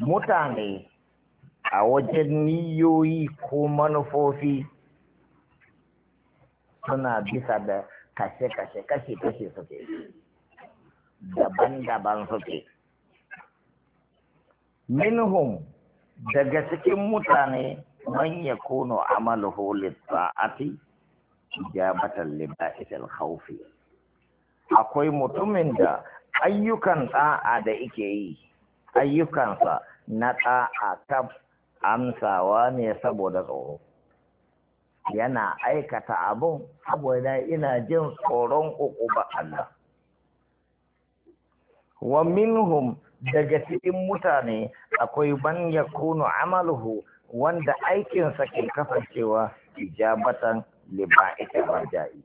mutane a wajen niyoyi ko manufofi suna bisa da kashe-kashe kashe-kashe suke daban-daban suke minhum daga cikin mutane man ya kono amaluhu litsa'ati ijabatan liba'il khawfi akwai mutumin da ayyukan da'a da yake yi ayyukansa na a kaf amsawa ne saboda tsoro yana aikata abun saboda ina jin tsoron uku ba Allah wa minhum daga cikin mutane akwai ban ya kunu amaluhu wanda aikinsa ke kasancewa ijabatan liba'ita raja'i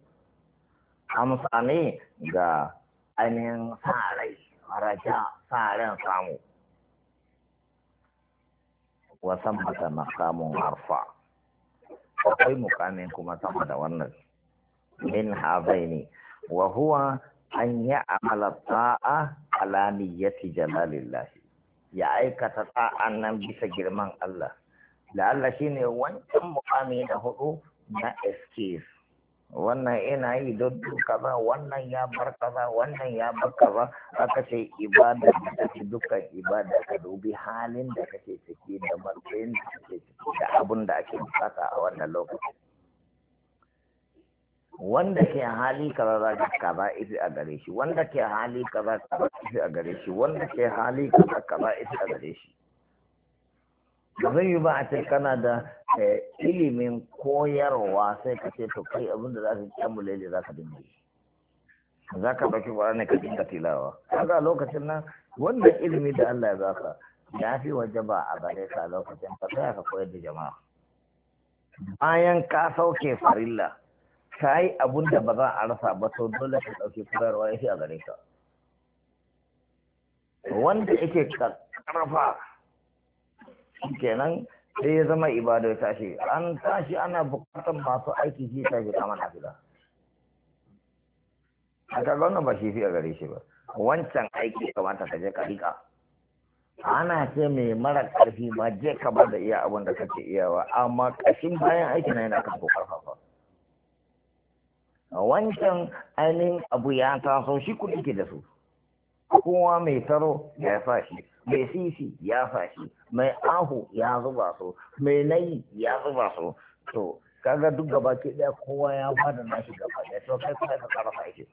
amsa ne ga ainihin sa rai raja sa samu wa sammata maqamun arfa akwai mukamin kuma sama da wannan min hazaini wa huwa an amala ta'a ala niyyati jalalillah ya aikata ta'an nan bisa girman Allah la'alla shine wancan mukami da hudu na excuse wannan ina yi don kaza wannan ya bar kaza wannan ya bar kaza aka ce ibada da take dukkan ibada ka dubi halin da kake ciki da matsayin da kake ciki da abun da ake bukata a wannan lokacin wanda ke hali kaza za ka kaza ifi a gare shi wanda ke hali kaza kaza ifi a gare shi wanda ke hali kaza kaza ifi a gare shi ba zai yi ba a ce kana da Eh, ilimin koyarwa sai ka ce to kai abin da za ka zaka lele za ka dinga yi za ka ɗauki ne ka dinga tilawa kaga lokacin nan wannan ilimi da Allah ya baka ya fi ba a gare ka lokacin ka sai ka koyar da jama'a bayan ka sauke farilla ka yi abun da ba za a rasa ba to dole ka ɗauki koyarwa ya fi a gare ka wanda yake karfa kenan sai ya zama ibada ya tashi an tashi ana bukatar masu aiki shi tashi kama na fila a kaga wannan ba shi fi a gare shi ba wancan aiki kamata ka je ka rika ana ce mai mara ƙarfi ma je ka ba da iya abin da kake iyawa amma ƙashin bayan aiki na yana kan ƙarfafa wancan ainihin abu ya taso shi kuɗi ke da su kowa mai taro ya fashi mai sisi ya fashi mai ahu ya zuba su mai nayi ya zuba su to kaga duk gaba ke daya kowa ya bada nashi gaba daya to kai kuma ka karfa shi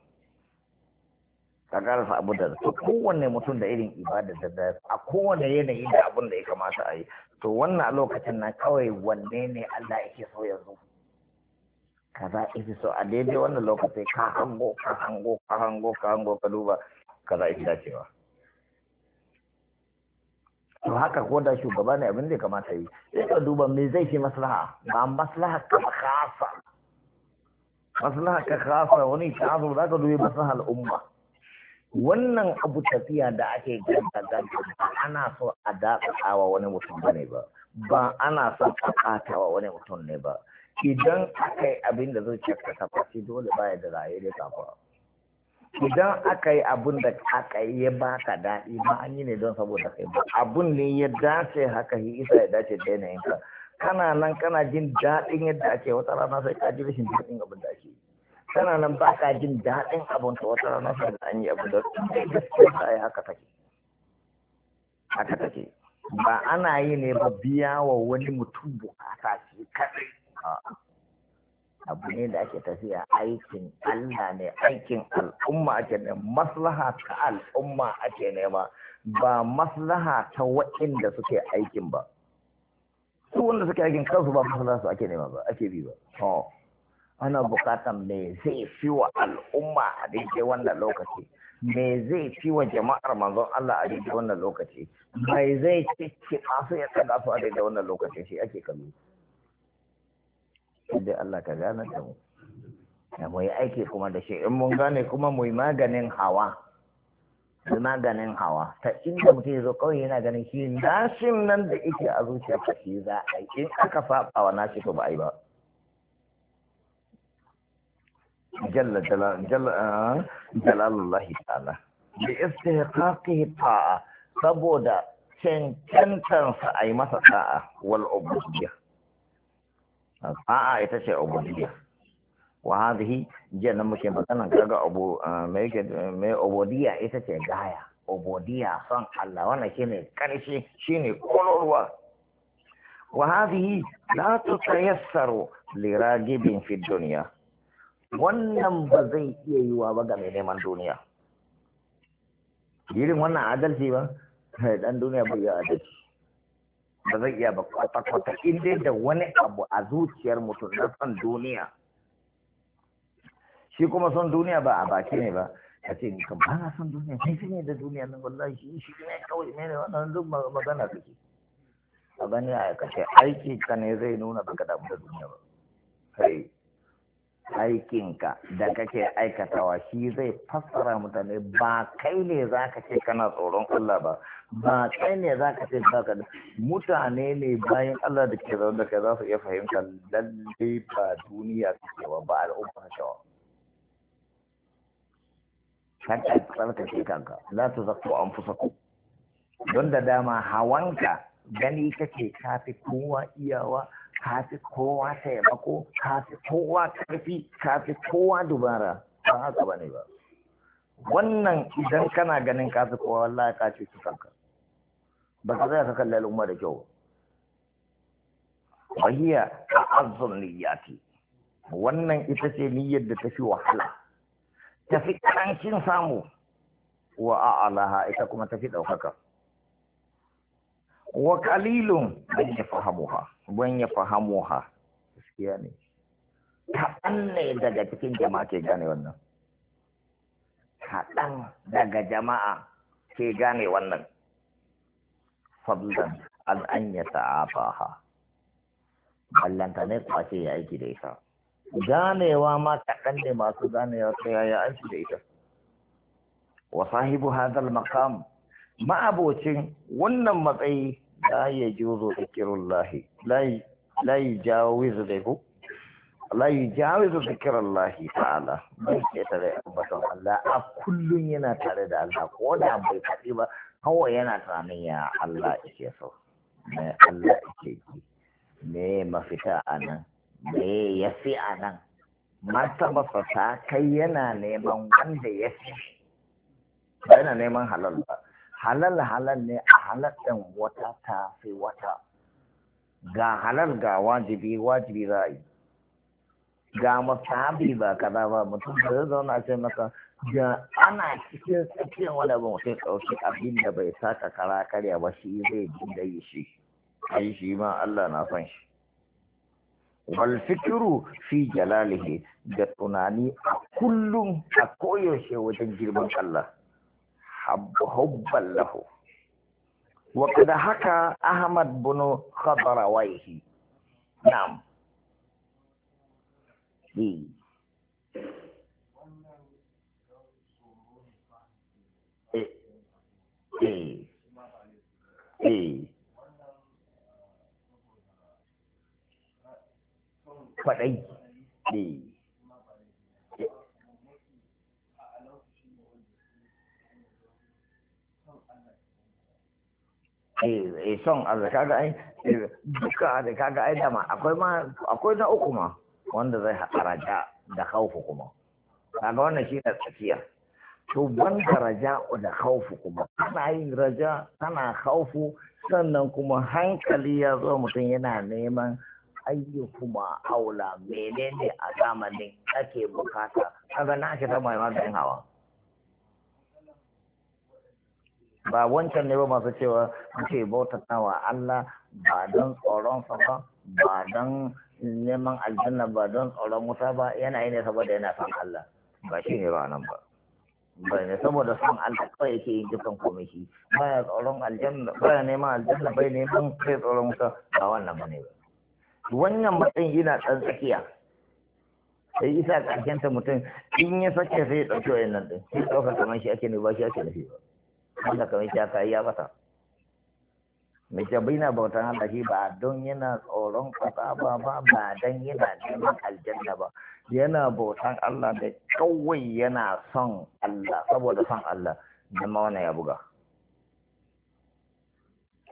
ka karfa abu da to kowanne mutum da irin ibada da da a kowanne yanayi da abun da ya kamata a yi to wannan lokacin na kawai wanne ne Allah yake so ya yanzu kaza yake so a daidai wannan lokacin ka hango ka hango ka hango ka hango ka duba kaza ita dacewa to haka ko da shugaba ne abin da kamata yi sai ka duba me zai fi maslaha ba maslaha ka kasa maslaha ka kasa wani tazo za ka dubi maslaha al'umma wannan abu tafiya da ake ganta ganta ana so a wa wani mutum ba ne ba ba ana so a katawa wani mutum ne ba idan aka yi abin da zai cakka tafashi dole baya da raye da kafa idan aka yi abun da aka yi ya baka daɗi ba an yi ne don saboda kai ba abun ne ya dace haka yi isa ya dace da ka kana nan kana jin daɗin yadda ake wata rana sai ka ji rashin daɗin abin da ake kana nan ba ka jin daɗin abin ka wata rana sai an yi abin da gaskiya ta yi haka take haka take ba ana yi ne ba biya wa wani mutum bukata ce kaɗai abu ne da ake tafiya aikin Allah ne aikin al'umma ake ne maslaha ta al'umma ake nema ba maslaha ta waɗanda suke aikin ba su wanda suke aikin kansu ba maslaha su ake nema ba ake bi ba ana bukatan me zai fi wa al'umma a daidai wannan lokaci me zai fi wa jama'ar manzon Allah a daidai wannan lokaci mai zai ci masu ya tsada su a daidai wannan lokaci shi ake kallo dai Allah ka gane da mu da mu yi aiki kuma da shi in mun gane kuma mu yi maganin hawa mu maganin hawa ta inda mutum ya zo kawai yana ganin shi nashin nan da yake a zuciya ka shi za a yi in aka faɓa wa nashi to ba a yi ba jalla jalla ah, jalalullahi ta'ala bi istihqaqihi ta'a saboda cancantansa a yi masa ta'a wal ubudiyya a'a ita ce ubudiyya wa hadhihi jiya nan muke magana kaga abu ah, me yake me ubudiyya ita ce gaya ubudiyya son Allah wannan shine karshe shine kolorwa wa hadhihi la tutayassaru liragibin fi dunya wannan ba zai iya yiwa ba ga mai neman duniya irin wannan adalci ba dan duniya bai yi adalci ba zai iya ba kwata-kwata in dai da wani abu a zuciyar mutum na son duniya shi kuma son duniya ba a baki ne ba ka ce ka ba na son duniya sai shi ne da duniya nan wallahi shi shi ne kawai ne ne wannan duk magana kake a gani a aikace aiki ka ne zai nuna baka damu da duniya ba aikinka da kake aikatawa shi zai fassara mutane ba kai ne za ka ce kana tsoron Allah ba ba kai ne za ka ce baka mutane ne bayan Allah da ke zaune da kai za su iya fahimta lalle ba duniya ce ba ba al'umma shawa kanta ke kanka za ta zakko an ku don da dama hawanka gani kake kafi kowa iyawa ka fi kowa taimako ka fi kowa karfi ka fi kowa dubara ba haka ba ne ba wannan idan kana ganin ka fi kowa ya ka su kanka ba ka zai ka kalli al'umma da kyau wahiya a azzun niyyati wannan ita ce niyyar da ta fi wahala ta fi ƙarancin samu wa a'alaha ita kuma ta fi ɗaukaka wa kalilun ban ya fahamuha ban ya fahamuha gaskiya ne kaɗan ne daga cikin jama'a ke gane wannan kaɗan daga jama'a ke gane wannan fadlan an an ya ta'afaha ballanta ne kwace ya aiki da ita ganewa ma kaɗan ne masu ganewa ta yaya aiki da ita wa sahibu hadal maqam ma'abocin wannan matsayi la yajuzu dhikrullahi la la yajawizu dhikru la yajawizu dhikrullahi ta'ala bai ce tare ambaton Allah a kullun yana tare da Allah ko da bai faɗi ba hawa yana tunanin ya Allah yake so me Allah yake yi? me mafita anan me yafi anan martaba fa ta kai yana neman wanda yafi ba yana neman halal ba halal halal ne a halal ɗin wata ta fi wata ga halal ga wajibi wajibi za yi ga ba kaza ba mutum da zai zauna ce maka da ana cikin tsakiyar wani abu mutum ɗauki abin da bai saka kara karya ba shi zai dinga yi shi yi shi ma Allah na son shi wal fikiru fi jalalihi da tunani a kullum a koyaushe wajen girman Allah hubban lahu wa kada haka ahmad bin nam na'am eh eh faɗai eh eh, eh son Allah kaga ai eh, duka da kaga ai dama akwai ma akwai na uku ma wanda zai haraja da khaufu kuma kaga wannan shi ne tsakiya to ban daraja da khaufu kuma kana yin raja kana khaufu sannan kuma hankali ya zo mutum yana neman ayyukuma aula menene a zamanin ake bukata kaga na ake ta mai maganin hawa ba wancan ne ba masu cewa muke bautata wa Allah ba don tsoron sa ba ba don neman aljanna ba don tsoron wuta ba yana yi ne saboda yana son Allah ba shi ne ba nan ba ba ne saboda son Allah kawai yake yin kisan komai shi Ba ya tsoron aljanna ya neman aljanna bai neman kai tsoron wuta ba wannan ba ne ba wannan matsayin yana ɗan tsakiya sai isa ƙarshen ta mutum in ya sake sai ya ɗauki wayan nan ɗin sai ɗaukar kamar shi ake ne ba shi ake nufi ba Allah kan ya ta yi ya fata mai jabi na bautan Allah shi ba don yana tsoron kasa ba ba ba don yana neman aljanna ba yana bautan Allah da kawai yana son Allah saboda son Allah da wannan ya buga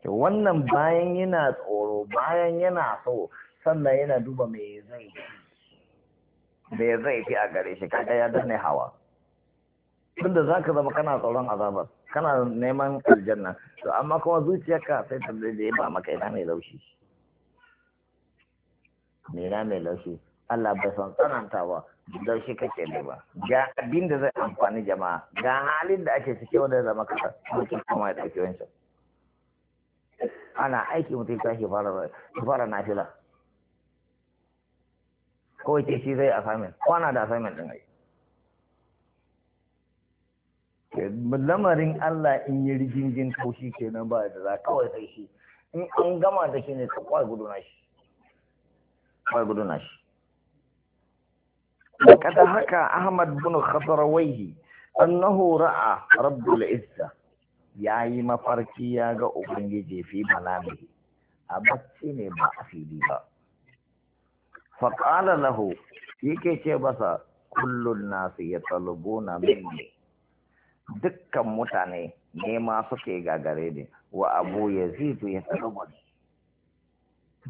wannan bayan yana tsoro bayan yana so sannan yana duba me zai fi zai fi a gare shi kaga ya danne hawa tunda za ka zama kana tsoron azabar kana neman aljanna to amma kuma zuciyarka sai ta ya ba maka ina mai laushi ina mai laushi Allah bai san tsanantawa laushi kake ne ba ga abin da zai amfani jama'a ga halin da ake cike wanda ya zama kasa mutum kuma ya ɗauki wancan ana aiki mutum ta shi fara nafila kawai ke shi zai assignment kwana da assignment ɗin aiki? lamarin Allah in yi rijingin ke kenan ba da za kawai sai shi in an gama da shi ne ta kwai gudu na shi kada haka Ahmad bin Khasarawaihi annahu ra'a rabbul izza yayi mafarki ya ga ubangiji fi malami, a bacci ne ba a fili ba fa qala lahu yake ce basa kullun nasu ya talubuna minni dukkan mutane nema suke gagare ne wa abu ya zidu ya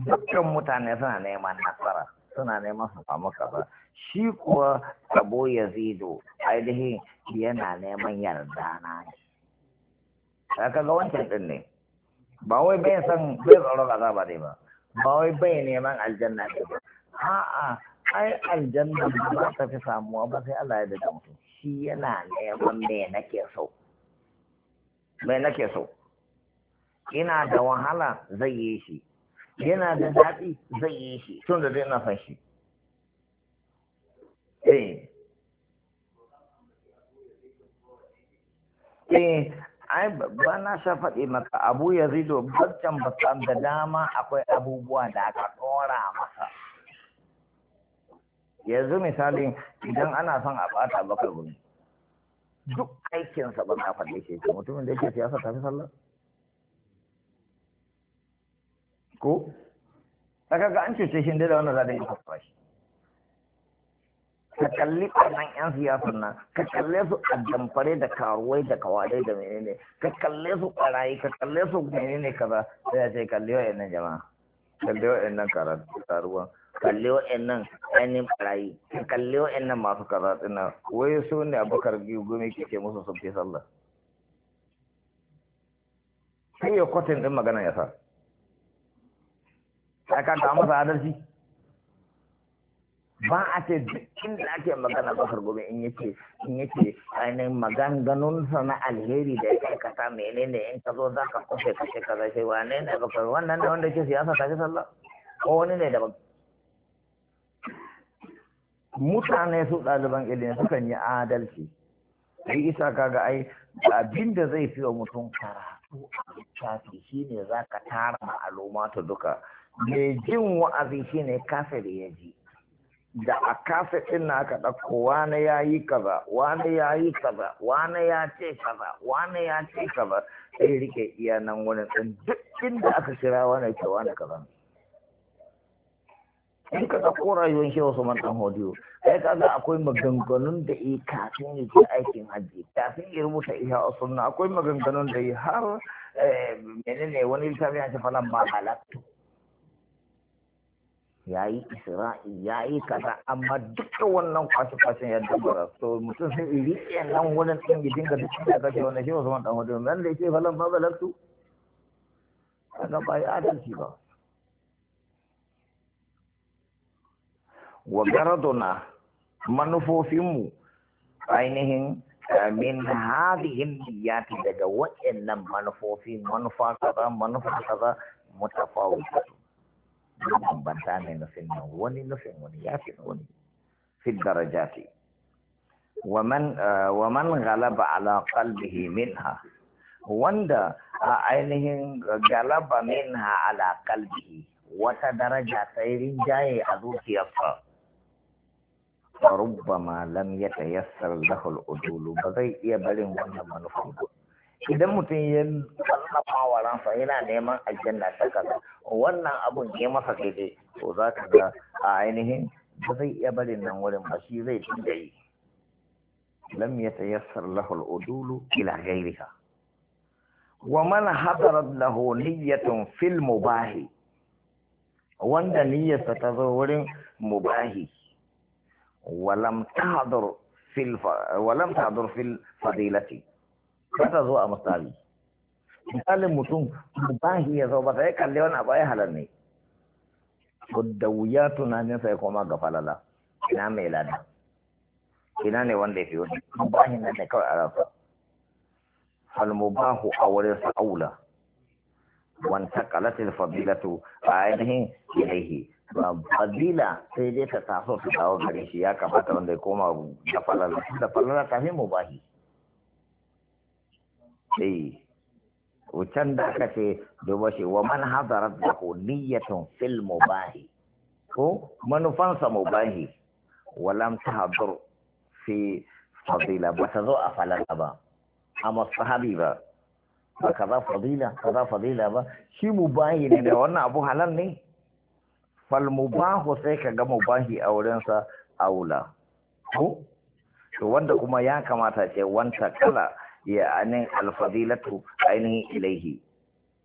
dukkan mutane suna neman nasara suna neman su samu kaza shi kuwa abu ya zidu ainihin yana neman yarda na ne ka ga wancan din ne ba wai bai san bai tsaro kaza ba ne ba ba wai bai neman aljanna ne ba a'a ai aljanna ba ta fi samuwa ba sai Allah ya da mutum shi yana neman me nake so me nake so ina da wahala zai yi shi yana da daɗi zai yi shi tun da dai na fa shi eh eh ai ba na sha faɗi maka abu ya zido barcan bakan da dama akwai abubuwa da aka ɗora maka. yanzu misali idan ana son a bata bakar gumi duk aikinsa ba na faɗe ke ce mutumin da yake siyasa ta fi sallah ko ta kaga an cuce shi da wannan zaɗin ya fara shi ka kalli wannan yan siyasar nan ka kalle su a damfare da karuwai da kawadai da menene ka kalle su ɓarayi ka kalle su menene kaza sai ya ce kalli wa nan jama'a kalli wa nan karuwan kalli wa'annan ainihin barayi kalli wa'annan masu kaza tsina wai su ne abokar biyu gumi ke ce musu sun fi sallah sai ya kwatin din magana ya sa ya ka ta masa adalci ba a ce dukkan da ake magana bakar gumi in yake in yake ainihin sa na alheri da ya aikata menene in ka zo za ka kwafe kashe kaza sai wane ne bakar wannan ne wanda ke siyasa ta fi sallah ko wani ne daban mutane su ɗaliban ilimi sukan yi adalci Ai isa kaga ai abin da zai fi wa mutum karatu a littafi shine za ka tara ma'alumatu duka mai jin wa'azi shine kafin ya ji da a kafin ɗin na aka ɗauko wani ya yi kaza wani ya yi kaza wani ya ce kaza wani ya ce kaza sai rike iya nan wani duk inda aka kira wani ke wani kaza ne duka ka ko rayuwar shi wasu man ɗan hodiyo sai ka ga akwai maganganun da yi kafin ya je aikin hajji kafin ya rubuta iya a sunna akwai maganganun da yi har eh, menene wani littafi ya ce falan ma halattu ya yi isra'i ya yi kaza amma duka wannan kwashe-kwashen ya dubara so mutum sai riƙe nan wani ɗin gidin ga duk da kace wani shi wasu man ɗan hodiyo nan da ya ce falan ma halattu kaga ba ya adalci ba wa garaduna manufofinmu ainihin eh, min hadihin niyyati daga waɗannan manufofi manufa kaza manufa kaza mutafawitatu bambanta ne nufin nan wani nufin wani ya fi wani fi darajati waman eh, waman galaba ala qalbihi minha wanda a eh, ainihin galaba minha ala qalbihi wata daraja ta rinjaye a zuciyarsa فربما لم يتيسر له ba zai iya barin wannan manufa idan mutum ya wallafa wa ransa yana neman aljanna ta kaza wannan abun ke masa daidai to za ka ga a ainihin ba zai iya barin nan wurin ba shi zai da yi lam ya lahu al-udulu ila gairika. wa man hadarat lahu niyyatun fil mubahi wanda niyyarsa ta zo wurin mubahi ولم تحضر في الف... ولم تحضر في الفضيلة misali misalin mutum bahi ya zo ba sai kalle wani abu ya halar ne to tunanin sai koma ga falala ina mai lada ina ne wanda ya fi wani bahi kawai a rasa falmubahu a wurin sa'aula wanta kalatil fadilatu a ainihin ilaihi fadila sai dai ta taso su dawo gare shi ya kamata wanda ya koma da falala da falala ta fi mubahi Sai eh. wucan da aka ce duba shi wa man hazarat da ku niyyatun fil mubahi ko manufansa mubahi walam tahdur fi fadila ba ta zo a falala ba a masahabi ba ba kaza fadila kaza fadila ba shi mubahi ne da wannan abu halal ne falmubahu sai ka ga mubahi a wurinsa aula wula. to wanda kuma ya kamata ce wanta kala ya anin alfadilatu ainihin ilaihi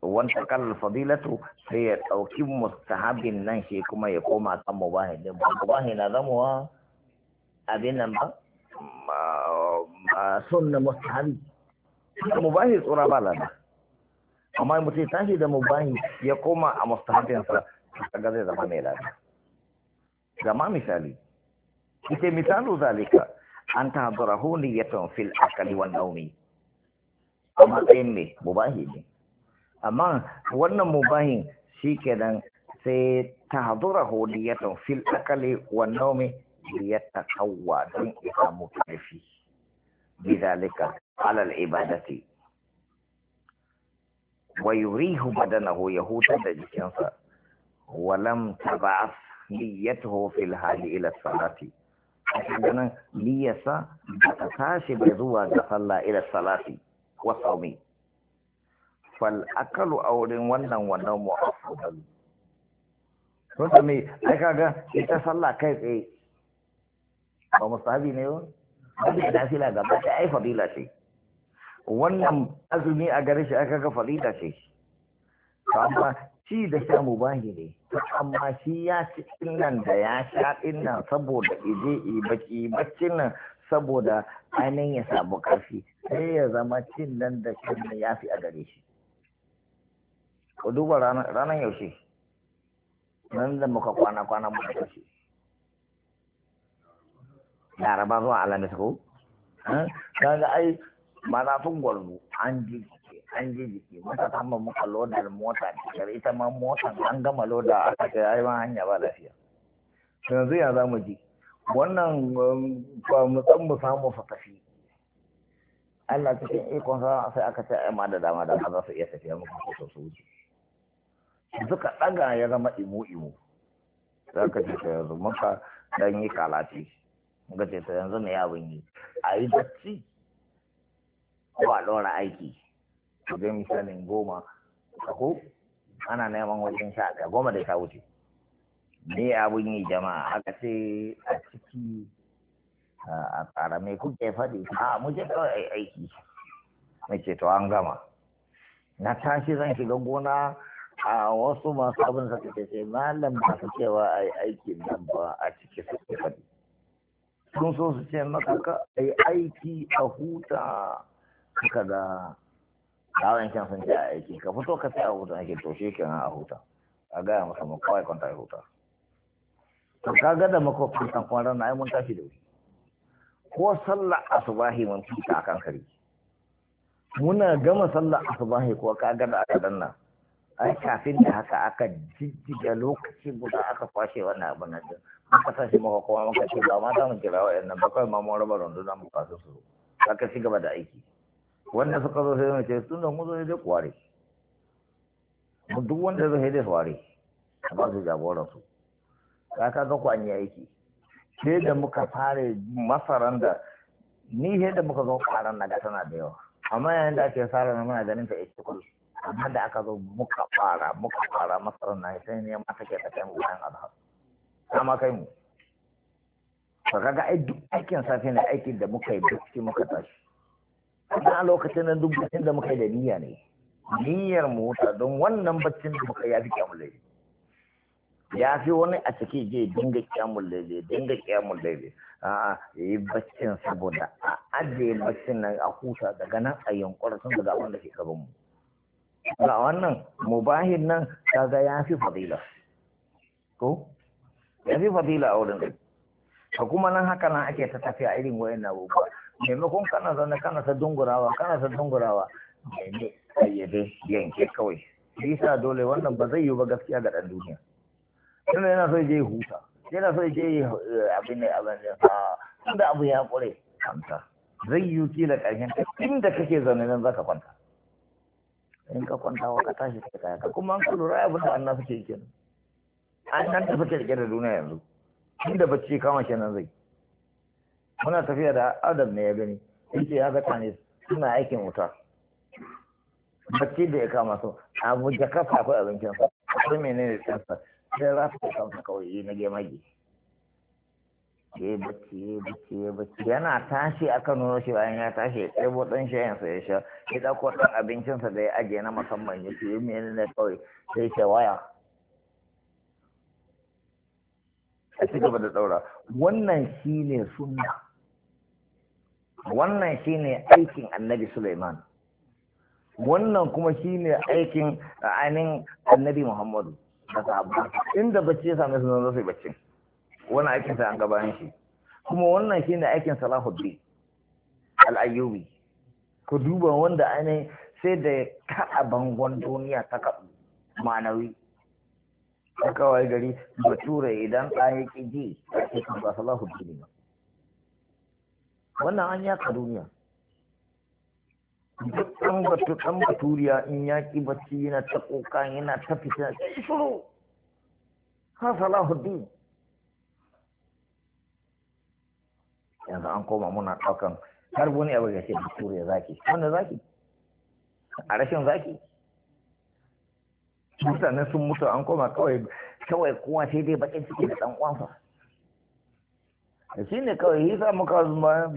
wanta kala alfadilatu sai ya ɗauki mustahabin nan shi kuma ya koma kan mubahi ba. mubahi na zamuwa abin nan ba sunna mustahabi mubahi tsura ba lada amma mutum tashi da mubahi ya koma a mustahabinsa kaga zai mai lada zama misali ita misalu zalika an ta hadarahu fil akali wan naumi a matsayin ne mubahi ne amma wannan mubahin shi kenan sai ta hadarahu fil akali wan naumi liyatta kawwa don ya samu karfi bidalika alal ibadati wa yurihu badanahu ya hutar da jikinsa walam taba'af niyyatuhu fil hali ila salati ganin niyyarsa ta tashi bai zuwa ga sallah ila salati wa saumi fal akalu aurin wannan wannan mu'afadan to da me ai kaga ita sallah kai tsaye ba mustahabi ne ba ba da fila ga ba ai fadila ce wannan azumi a gare shi aka ga fadila ce amma shi da sha mubahi ne amma shi ya ci nan da ya sha din nan saboda ije i baki baccin nan saboda ainihin ya samu ƙarfi sai ya zama cin nan da shi ya fi a gare shi ku duba ranar yaushe nan da muka kwana kwana muka yaushe laraba zuwa alamis ko kaga ai manafin gwarzo an ji an ji jiki ta kama muka lodar mota cikar ita ma motan an gama loda a ce ai ma hanya ba lafiya yanzu ya zamu ji wannan um, ba mu san mu samu fa Allah cikin ikon sa sai aka ce ai ma da dama da za su iya tafiya muku ko su wuce suka daga ya zama imu imu za ka ce yanzu maka dan yi kalati muka ce yanzu ne ya bunyi a yi ko a lora aiki wajen misalin goma ko ana neman wajen sha ta goma da ta wuce ne abun yi jama'a haka ce a ciki a tsara mai kuke faɗi a muke kawai aiki muke to an gama na tashi zan shiga gona a wasu masu abin sa suke ce eh, malam ba su cewa a yi aiki nan ba a ciki suke faɗi sun so su ce maka ka a yi aiki a huta suka ga kawai wancan sun ce a aiki ka fito ka sai a huta ake to shi kenan a huta a gaya masa mu kawai kwanta ya huta to ka ga da makwabcin san kwana na ai mun tashi da wuri ko sallah asubahi mun fita a kan kari muna gama sallah asubahi ko ka ga da aka danna ai kafin da haka aka jijjiga lokaci guda aka kwashe wannan abin nan din san shi mako kuma muka ce ba ma za mu kira nan ba kawai ma mun raba rundunar mu kasu su ka ci gaba da aiki wanda suka zo sai mace tun da mun zo dai kware duk wanda zai dai kware ba su jagoran su ka ka ga kwani aiki sai da muka fara masaran da ni sai da muka zo karan na ga tana da yawa amma yayin da ake fara na muna ganin ta ita kullu amma da aka zo muka fara muka fara masaran na sai ne ma take ta kai mu bayan azhar kama kai mu ka ga ai duk aikin safe ne aikin da muka yi duk muka tashi a lokacin nan duk baccin da muka yi da niyya ne niyyar mota don wannan baccin da muka ya fi kyamun laifi ya fi wani a ciki je dinga kyamun laifi dinga kyamun laili a yi baccin saboda a ajiye baccin nan a huta daga nan a yankwar sun daga wanda ke gaban mu ga wannan mubahin nan kaga ya fi fadila ko ya fi fadila a wurin ka kuma nan haka nan ake ta tafiya irin wayan abubuwa maimakon kana zaune kana sa dungurawa kana sa dungurawa mene ayyade yanke kawai sa dole wannan ba zai yi ba gaskiya ga ɗan duniya tunda yana so je huta yana so je eh, abin ne abin ne ah, tunda abu ya ƙure kanta zai yi kila karshen ta inda kake zaune nan zaka kwanta in ka kwanta wa ka tashi ka kaya ka kuma an kulu lura abin da annabi ke kenan an tafi da fake da duniya yanzu inda bacci kama kenan zai muna tafiya da adam ne ya gani yake ya gata ne suna aikin wuta bacci da ya kama su abu jaka kafa akwai abincin sa akwai menene tsansa sai za su kamsa kawai na je magi ya bacci ya bacci ya bacci yana tashi aka nuno shi bayan ya tashi ya ɗebo shayin shayansa ya sha ya ɗauko ɗan abincinsa da ya ajiye na musamman ya ce menene kawai sai ce waya a ci da daura wannan shi ne sunna wannan shine aikin annabi Sulaiman wannan kuma shine aikin ra'anin annabi Muhammadu da sahabba inda bacci ya same su nan zai bacci wannan aikin sa an gabanin shi kuma wannan shine aikin Salahuddin al-Ayyubi ku duba wanda ainihin sai da ya kaɗa bangon duniya ta kaɗu manawi ta kawai gari bature idan ɗaya ya ji a cikin ba Salahuddin ba wannan an yaka duniya duk ɗan batu ɗan baturiya in ya ƙi bacci yana ta ƙoƙa yana ta fita sai shiru ha salahuddin yanzu an koma muna ɗaukan har wani abu ya ce baturiya zaki wanda zaki a rashin zaki mutane sun mutu an koma kawai kawai kuma sai dai bakin ciki da ɗan uwansa shi ne kawai yi sa muka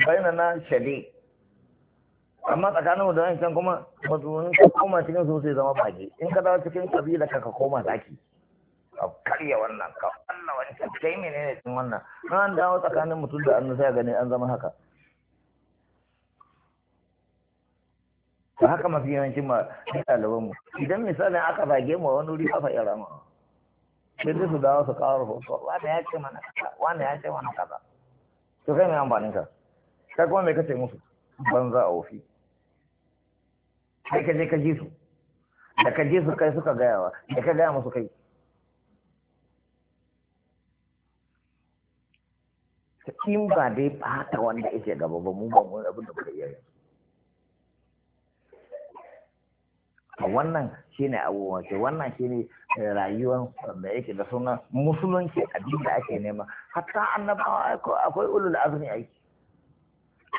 bayyana na shade amma tsakanin mu da wancan kuma wani ka koma cikin su sai zama baki in ka dawo cikin kabila ka ka koma zaki ka karya wannan ka wannan wancan kai ne cikin wannan an dawo tsakanin mutum da annu sai gani an zama haka haka mafi yawancin ma ɗaliban mu idan misalin aka zage mu wani wuri kafa iya rama sai dai su dawo su kawo rahoto wani ya ce mana kaza wani ya ce mana kaza to kai mai amfanin ka kai kuma mai kace musu banza a wofi kai ka je ka ji su da ka ji su kai suka gayawa da ka gaya musu kai in ba dai ɓata wanda yake gaba ba mu ba mu abin da kai iya yanzu wannan shine abubuwan ce wannan shine eh, rayuwar da yake da suna musulunci abin da ake nema hatta annabawa akwai ulul azmi aiki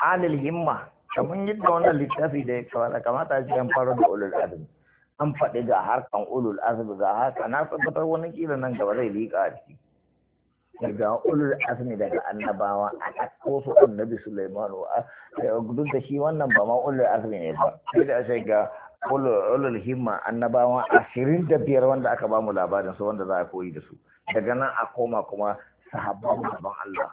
alil himma kamar yadda wannan littafi da ya kamata a cikin fara da ulul azmi an faɗi ga harkan ulul azmi ga haka na tabbatar wani kila nan gaba zai liƙa a ciki daga ulul azmi daga annabawa a ɗauko su annabi Sulaiman eh, duk da shi wannan ba ma ulul azmi ne ba sai da sai ga ulul himma annabawa ashirin da biyar wanda aka bamu labarin su wanda za a koyi da su daga nan a koma kuma sahabban gaban Allah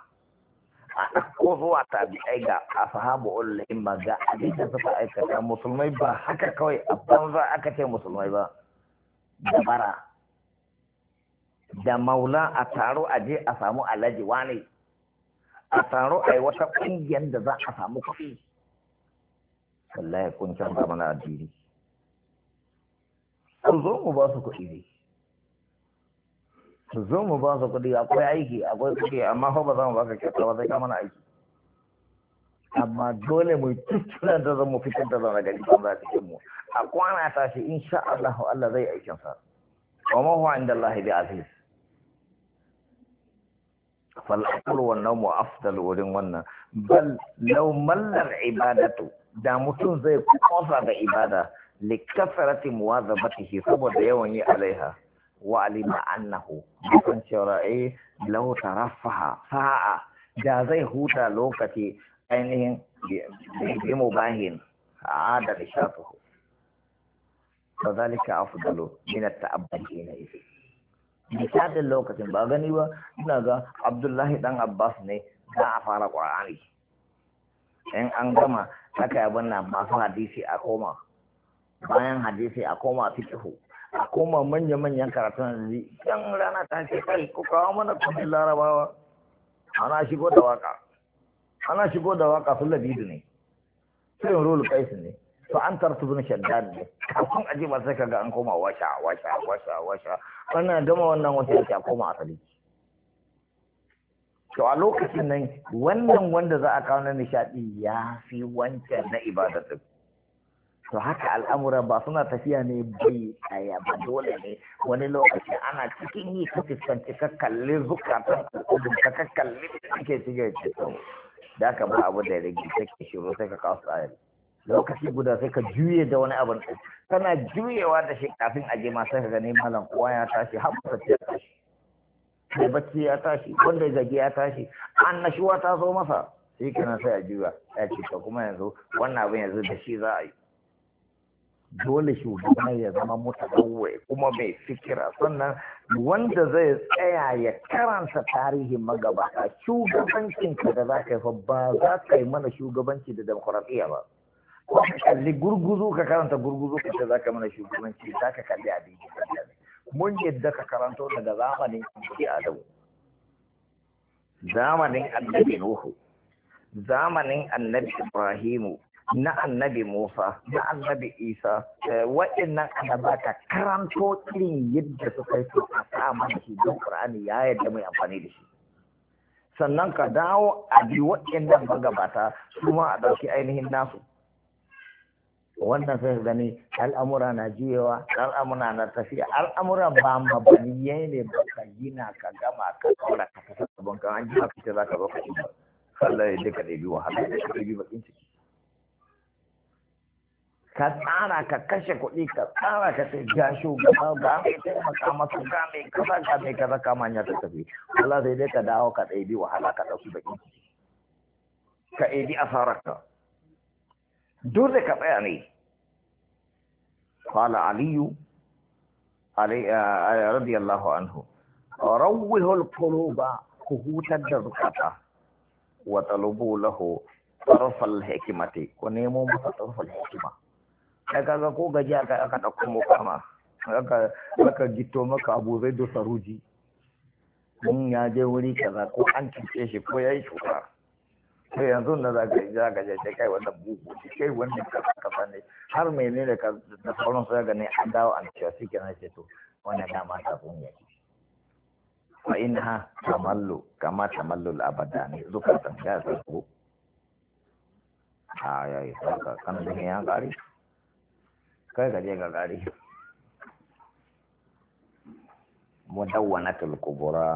a ɗauko zuwa tabi'ai ga sahabu ulul himma ga abin da suka aikata musulmai ba haka kawai a banza aka ce musulmai ba dabara da maula a taro a je a samu alhaji wane a taro a yi wata ƙungiyar da za a samu kuɗi wallahi kun canza mana addini ku zo mu ba su kuɗi ne su zo mu ba su kuɗi akwai aiki akwai kuɗi amma fa ba za mu ba ka kyauta ba sai ka mana aiki amma dole mu tuttura da zan mu fitar da zama gari ba za cikin mu a kwana tashi insha Allah Allah zai aikin sa wa ma huwa inda Allah bi aziz fal aqlu wa nawm afdal wurin wannan bal law mallar ibadatu da mutum zai kosa da ibada likasarati muwazabatihi saboda yawan yi alaiha wa alima annahu kan cewa eh law tarafaha sa'a da zai huta lokaci ainihin bi mubahin ada nishatuhu فذلك أفضل من التعبد حينئذ misalin lokacin ba gani ba ina ga abdullahi dan abbas ne za a fara ƙwararri in an gama aka yi abin masu hadisi a koma bayan hadisi a koma fiqhu a koma manya-manyan karatun zai yan rana ta ce kai ko kawo mana kudin larabawa ana shigo da waka ana shigo da waka sun labidu ne sun rulu kaisu ne to an tartu bin shaddad ne kafin a ji ba ka kaga an koma washa washa washa washa wannan gama wannan yake a koma asali to a lokacin nan wannan wanda za a kawo na nishadi ya fi wancan na ibadatu to haka al'amuran ba suna tafiya ne bai tsaya ba dole ne wani lokaci ana cikin yi ka fuskanci ka kalli zukatan kudin ka ka kalli ake cikin cikin da ka ba abu da ya rage sai ka shiro sai ka kawo tsari lokaci guda sai ka juye da wani abin kana juyewa da shi kafin a je ma sai ka gani malam kowa ya tashi har ba ya tashi sai bacci ya tashi wanda ya gaji ya tashi annashuwa ta zo masa shi kana sai a juya ya ce ka kuma yanzu wannan abin yanzu da shi za a yi dole shugaban ya zama mutane kuma mai fikira sannan wanda zai tsaya ya karanta tarihin magabata shugabancin ka da za ka yi ba za ka yi mana shugabanci da demokuraɗiyya ba ko ka kalli gurguzu ka karanta gurguzu ka za ka mana shugabanci za ka kalli a abin mun yadda ka karanto daga zamanin ki adamu zamanin annabi nuhu zamanin annabi ibrahimu na annabi Musa, na annabi Isa, eh, waɗannan annaba ka karanto irin yadda suka yi a sa mana shi don Qur'ani ya yadda mai amfani da shi. Sannan ka dawo a bi waɗannan magabata su ma a ɗauki ainihin nasu. Wannan sai gani al'amura na jiyewa, al'amura na tafiya, al'amura ba bani ne ba ka gina ka gama ka ɗora ka kasa sabon ka an ka ce za ka zo ka ci ba. Allah ya k'a ɗabi wahala, ya duka ɗabi bakin ciki. ka tsara ka kashe kuɗi ka tsara ka sai ga shugaba ga mai taimaka masa ga mai kaza ga mai kaza ka manya ta tafi Allah sai dai ka dawo ka ɗaibi wahala ka ɗauki baki ka ɗaibi asararka dole ka tsaya ne Fala aliyu eh, eh, radiyallahu anhu rawwihul quluba ku hutar da zukata wa talubu lahu tarfal hikimati ku nemo masa tarfal hikima ya kaga ko gaji aka aka ɗauko mukama aka aka gito maka abu zai da saruji Mun ya je wuri kaza ko an cuce shi ko ya yi cuta to yanzu na za ka za ka je kai wanda bugu sai kai wannan ka kaza ne har mene da ka da sauran sai ga ne an dawo an cewa shi kenan sai to wannan ma ta kun yi fa inha tamallu kama tamallu al-abadani zukatan ya zai ko ya yi saka kan ya kare kai gaje ga gari mudawwanatul kubura